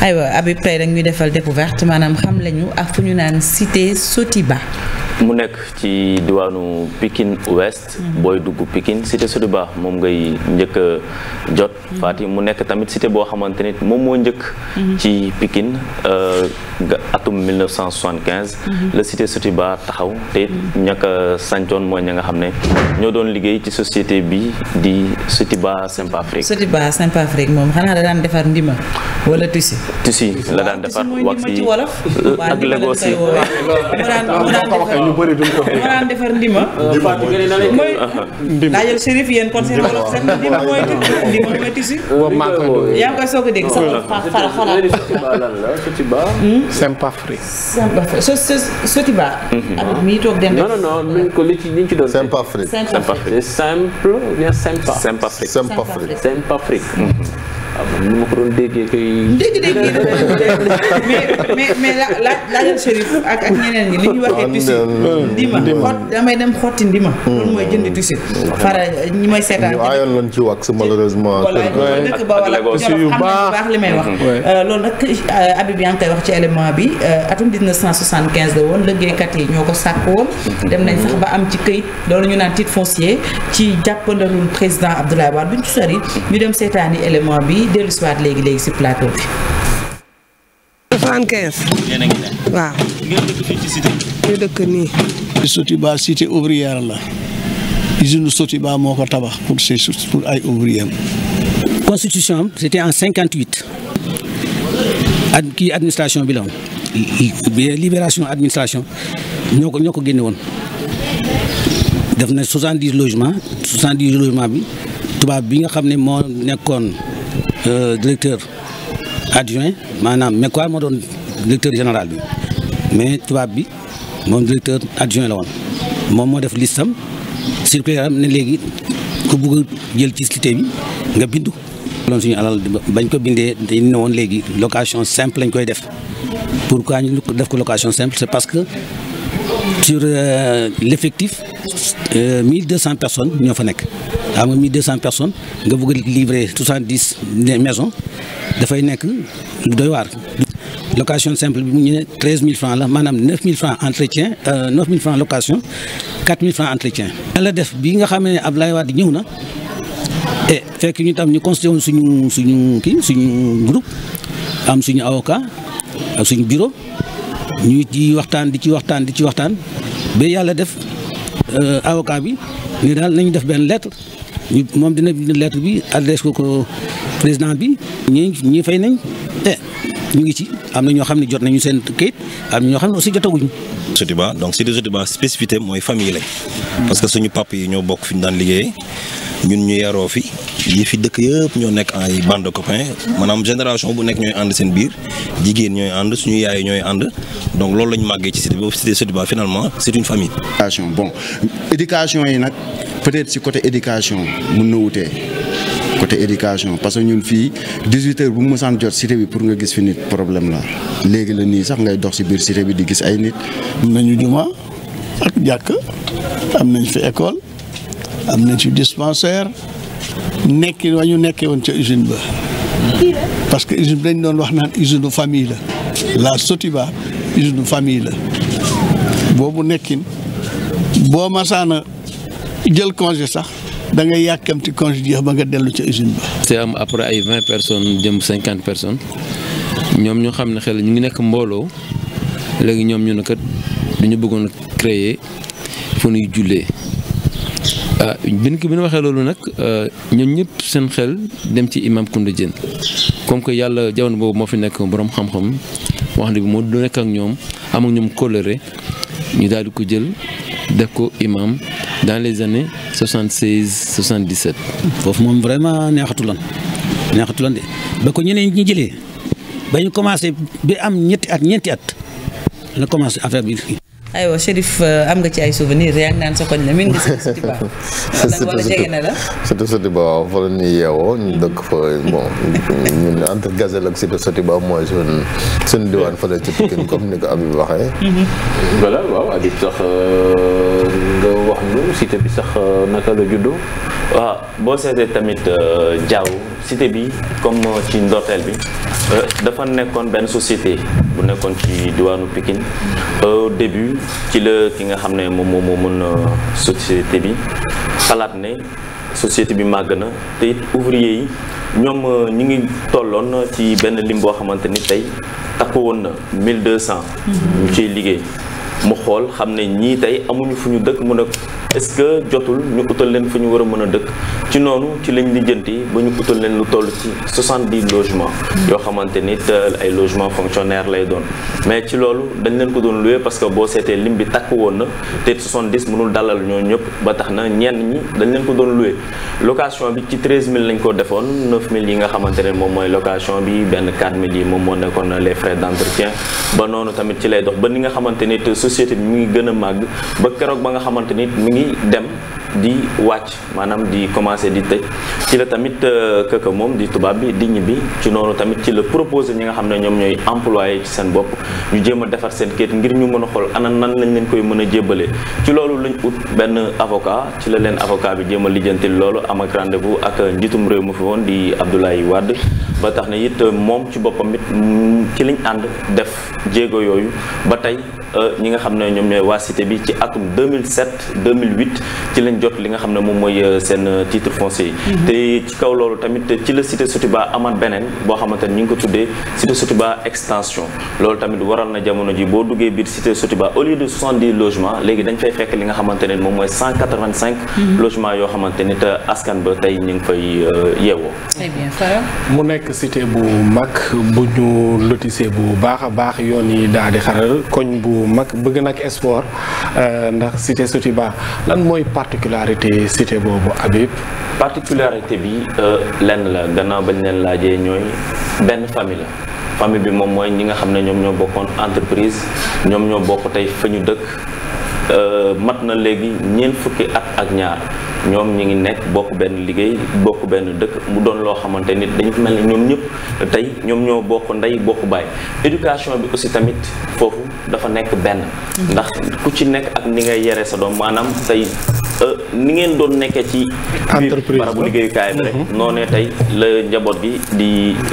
aywa Habib tey rek ñu defal découverte maanaam xam lañu ak fu ñu naan cité Sotiba. mu nekk ci diwaanu Pikine Ouest. Mhm. booy dugg Pikine cité Sotiba moom ngay njëkk a jot. Mhm. Fati mu nekk tamit cité boo xamante ni moom moo njëkk. Mhm. ci Pikine. Euh, atum 1975. Mhm. la cité Sotiba taxaw te mhm. ña ko sàncoon mooy ña nga xam ne ñoo doon liggéey ci société bi di Sotiba Simpafric. Sotiba Simpafric moom xanaa la daan defar ndima wala tissu. tissu la daan defar wax yi euh, ak lego si. Ah, mu daan ah, defar ndima. ndima mooy tissu. yaa koy soog a dégg sax. fara fara. Sotiba lan la Hmm? Simpafri. Simpafri so so Sotiba. Habib mhm. mi toog dem. non non non nuñ li ci liñ ci doon. Simpafri Simpafri simple ou bien Simpa. Simpafri Simpafri Simpafri. am ni ma ko doon déggee koy. dégg-dégg yi mais mais mais la la laajal Chérif ak ak ñeneen ñi li ñu waxee tissu. ndima hmm, xott damay dem xotti ndima. Hmm. loolu mooy jënd tissu. fara ñi may seetaan. waayoon lañ ci wax malheureusement. walaay dëkk ba wala Jolof xam nañu baax li may wax. Hmm. Euh, loolu nag euh, Habib yaa ngi koy wax ci élément bi euh, atum 1975 la woon liggéeykat yi ñoo ko sàkk woon. dem nañ sax ba am ci këyit loolu ñu naan titre foncier ci jàppandalul président Abdoulaye Wade duñ ci sori ñu dem seetaani élément bi. dellu si waat léegi léegi si plateau bi. 75. yéen a ngi ne. waaw. ngeen dëkk fii ci la usine Sotiba moo ko tabax pour ses pour ay ouvrière. constitution am c'était en 58. ad kii administration bi la woon. libération administration ñoo ko ñoo ko génne woon def na 70 logements 70 logements bi tubaab bi nga xam ne moo nekkoon. Euh, directeur adjoint maanaam mais quoi moo doon directeur général bi mais tubaab bi moom directeur adjoint la woon moom moo def listam circulaire am ne léegi ku bugg jël ci cité bi nga bindu loon suñu alal bañ ko bindee dañ ne woon léegi location simple lañ koy def pourquoi ñu def ko location simple c'est parce que sur euh, l'effectif 1200 euh, personnes ñoo fa nekk xam nga 1200 personnes nga bëgg a livrer 70 maisons dafay nekk lu waar. location simple bi ñu ne 13000 francs la maanaam 9000 francs entretien 9000 euh, francs location 4000 francs entretien. la def bi nga xam ne Abdoulaye Wade ñëw na et fekk ñu tam ñu constitué woon suñu suñu kii suñu groupe am suñu awoka suñu bureau. ñuy ci waxtaan di ci waxtaan di ci waxtaan ba yàlla def euh, avocat bi ni daal nañu def benn lettre moom dina bind lettre bi adresse ko ko président bi ñi ñi fay nañ te eh, ñu ngi ci am na ñoo xam ne jot nañu seen kayit am ñoo xam ne aussi jotaguñu. Sotiba donc Cité Sotiba spécificité mooy famille lañ. parce que suñu papa yi ñoo bokk fi ñu daan liggéeyee ñun ñu yaroo fi. yi fi dëkk yëpp ñoo nekk ay bande de copains maanaam génération bu nekk ñooy ànd seen biir jigéen ñooy ànd suñu yaay ñooy ànd donc loolu lañu màggee ci cité boobu cité Sotiba finalement c'est une famille. éducation bon éducation yi nag peut-être ci côté éducation mën na wutee côté éducation parce que ñun fii 18 heures bu mu mësaan jot cité bi pour nga gis fi nit problème la léegi la nii sax ngay dox si biir cité bi di gis ay nit. am nañu juma ak jàkk am nañ fi école am nañ fi dispensaire. nekkin wa ñu nekkee woon ca usine ba parce que usine bi dañ doon wax naan usine u famille la la Sotiba usine u famille la boobu nekkin boo masaana jël congé sax da ngay yàkkamti congé jeex ba nga dellu ca usine ba. te am après ay vingt personnes jëm cinquante personnes ñoom ñoo xam ne xel ñu ngi nekk mbooloo léegi ñoom ñu ne kat du bëggoon créer fu ñuy jullee. bin euh, ki bi nu waxee loolu nag euh, ñoom ñëpp seen xel dem ci imam Kounda Dieng comme que yàlla jamono boobu moo fi nekk boroom xam-xam wax bi moo nekk ak ñoom am ak ñoom kóllëre ñu daal di ko jël def ko imam dans les années 76 77. foofu moom vraiment neexatuloon neexatuloon de ba ko ñeneen ñi jëlee ba ñu commencé bi am ñetti at ñeenti at na commencé affaire bi fii aywa Chérif euh, am nga ci ay souvenirs yaa ngi naan sa koñ la min nga si Sotiba. wala jege na la surtout Sotiba waaw fa la ñuy yeewoo ñu dëkk fa bon ñun entre Gazelle ak surtout Sotiba mooy suñu suñu diwaan fële ci Pikine comme ni ko Habib waxee. Mhm. waaw Habib sax euh, nga wax ñu cité bi sax euh, naka la juddoo. waaw ah, boo seetee tamit Diaw cité bi comme ci ndorteel bi dafa nekkoon benn société bu nekkoon ci diwaanu Pikine début. ci la ki nga xam ne moom moom moo mën euh, société bi xalaat ne société bi màgg na te it ouvrier yi ñoom euh, ñu ngi tolloon ci benn lim boo xamante ni tey takk woon na mille 1200. Mm-hmm. ñu ciy liggéey. mu xool xam ne ñii tey amuñu fu ñu dëkk mu ne est-ce que jotul ñu utal leen fu ñu war a mën a dëkk ci noonu ci lañ yi ba ñu utal leen lu toll ci 70 logements yoo xamante ni ay logements fonctionnaire lay doon mais ci loolu dañ leen ko doon loué parce que boo seetee lim bi takk woon na te 70 mënul ñoo ñëpp tax na ñenn ñi dañ leen ko doon loué location bi ci 13000 lañ ko defoon 9000 yi nga xamante ne moom mooy location bi benn 4000 yi moom moo nekkoon les frais d'entretien ba noonu tamit ci lay dox ba ni nga xamante ni société bi ngi gën a màgg ba keroog ba nga xamante nit mu ngi dem di wàcc maanaam di commencé di tëj ci la tamit euh, kaka moom di tubaab bi di ñibbi ci noonu tamit ci la proposé ñi nga xam ne ñoom ñooy employé ci seen bopp ñu jéem a defar seen kayit ngir ñu mën a xool ana nan lañ leen koy mën a jébbalee ci loolu lañ ut benn avocat ci la leen avocat bi jéem a lijjantil loolu am ak rendez ak njiitum réew mu fi woon di Abdoulaye Wade ba tax na it euh, moom ci boppam it ci liñ ànd def jéego yooyu ba tey euh, ñi nga xam ne ñoom ñooy waa cité bi ci atum 2007 2008 ci lañ ngeen jot li nga xam ne moom mooy euh, seen euh, titre foncier yi mhm. te ci kaw loolu tamit euh, ci la cité Sotiba amaat beneen boo xamante ne ñu ngi ko tuddee cité Sotiba extension loolu tamit waral na jamono ji boo duggee biir cité Sotiba au lieu de 70 logements léegi dañ fay fekk li nga xamante ne moom mooy 185 mhm. yoo xamante ni te askan ba tey ñu ngi fay yeewoo mu nekk cité bu mag bu ñu lotissé bu baax a baax yoon yi daal di xaral koñ bu mag bëgg nag sport ndax cité Sotiba lan mooy particulier particularité cité boobu Habib. particularité bi euh, lenn la gannaaw bañ leen laajee ñooy benn famille la famille bi moom mooy ñi nga xam ne ñoom ñoo bokkoon entreprise ñoom ñoo bokk tey fa ñu dëkk euh, mat na léegi ñeent fukki at ak ñaar ñoom ñi ngi nekk bokk benn liggéey bokk benn dëkk mu doon loo xamante nit dañu mel ne ñoom ñëpp tey ñoom ñoo bokk ndey bokk baay éducation bi aussi tamit foofu dafa nekk benn ndax ku ci nekk ak ni ngay yare sa doom maanaam tey Euh, ni ngeen doon nekkee ci entreprise barabu liggéeyukaay bi rek mhm. noonee tey la njaboot gi di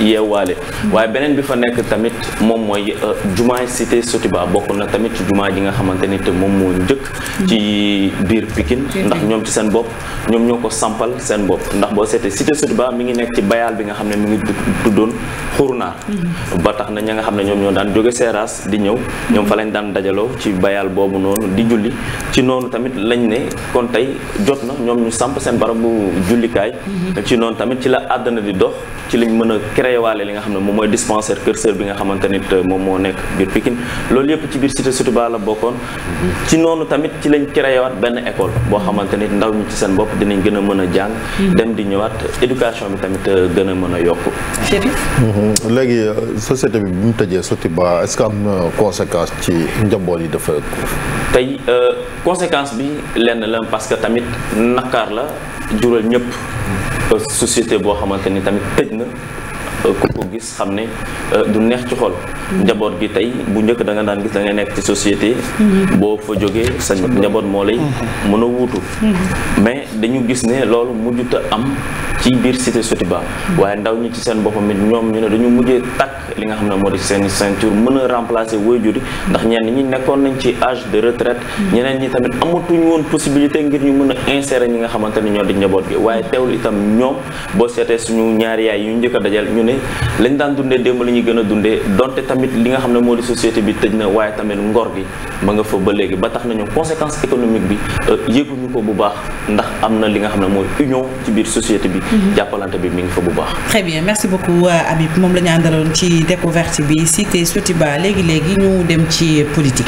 yeewaale mhm. waaye beneen bi fa nekk tamit moom mooy euh, jumaay cité Sotiba bokk na tamit ci jumaa nga xamante ni te moom moo njëkk mhm. ci biir Pikine ndax ñoom ci seen bopp ñoom ñoo ko sampal seen bopp ndax boo seetee cité Sotiba mi ngi nekk ci bayaal bi nga xam ne mu ngi tuddoon xurnaar ba tax na ña nga xam ne ñoom ñoo daan jóge Seras di ñëw ñoom fa lañ daan dajaloo ci bayaal boobu noonu di julli ci noonu tamit lañ ne tey jot na ñoom ñu samp seen barabu jullikaay ci noonu tamit ci la àddana di dox ci lañ mën a créé waale li nga xam ne moom mooy dispensaire Kër Sër bi nga xamante nit moom moo nekk biir pikin loolu yëpp ci biir cité Sotiba la bokkoon ci noonu tamit ci lañ créé waat benn école boo xamante nit ndaw ñi ci seen bopp dinañ gën a mën a jàng dem di ñëwaat éducation bi tamit euh, gën a mën a yokk mhm. léegi euh, société bi bi mu tëjee Sotiba est que am conséquence ci njaboot yi dafa tey euh, conséquence bi lenn la parce que tamit nakaar la jural ñëpp mm. euh, société boo xamante ni tamit tëj na Euh, ku ko gis xam ne euh, du neex ci xool mm-hmm. njaboot bi tey bu njëkk da nga daan gis da ngay nekk ci société mm-hmm. boo fa jógee sa njaboot moo lay mm-hmm. mën a wuutu mais dañu gis ne loolu mujjuta am ci biir cité Sotiba waaye ndaw ñi ci seen boppam it ñoom ñu ne dañu mujjee takk li nga xam ne moo di seen ceinture mën a remplacer waajur yi ndax ñenn ñi nekkoon nañ ci âge de retraite ñeneen ñi tamit amatuñ woon possibilité ngir ñu mën a insérer ñi nga xamante ne ñoo di njaboot gi waaye teewul itam ñoom boo seetee suñu ñaari yaay yu njëkk a ñu lañ daan dundee démb la ñuy gën a dundee donte tamit li nga xam ne moo di société bi tëj na waaye tamit ngor gi ma nga fa ba léegi ba tax nañu ñoom conséquence économique bi euh, yëguñu ko bu baax ndax am na li nga xam ne mooy union ci biir société bi. Mhm. jàppalante bi mi ngi fa bu baax. très bien merci beaucoup euh, Habib moom la ñu àndaloon ci découverte bi cité Sotiba léegi léegi ñu dem ci politique.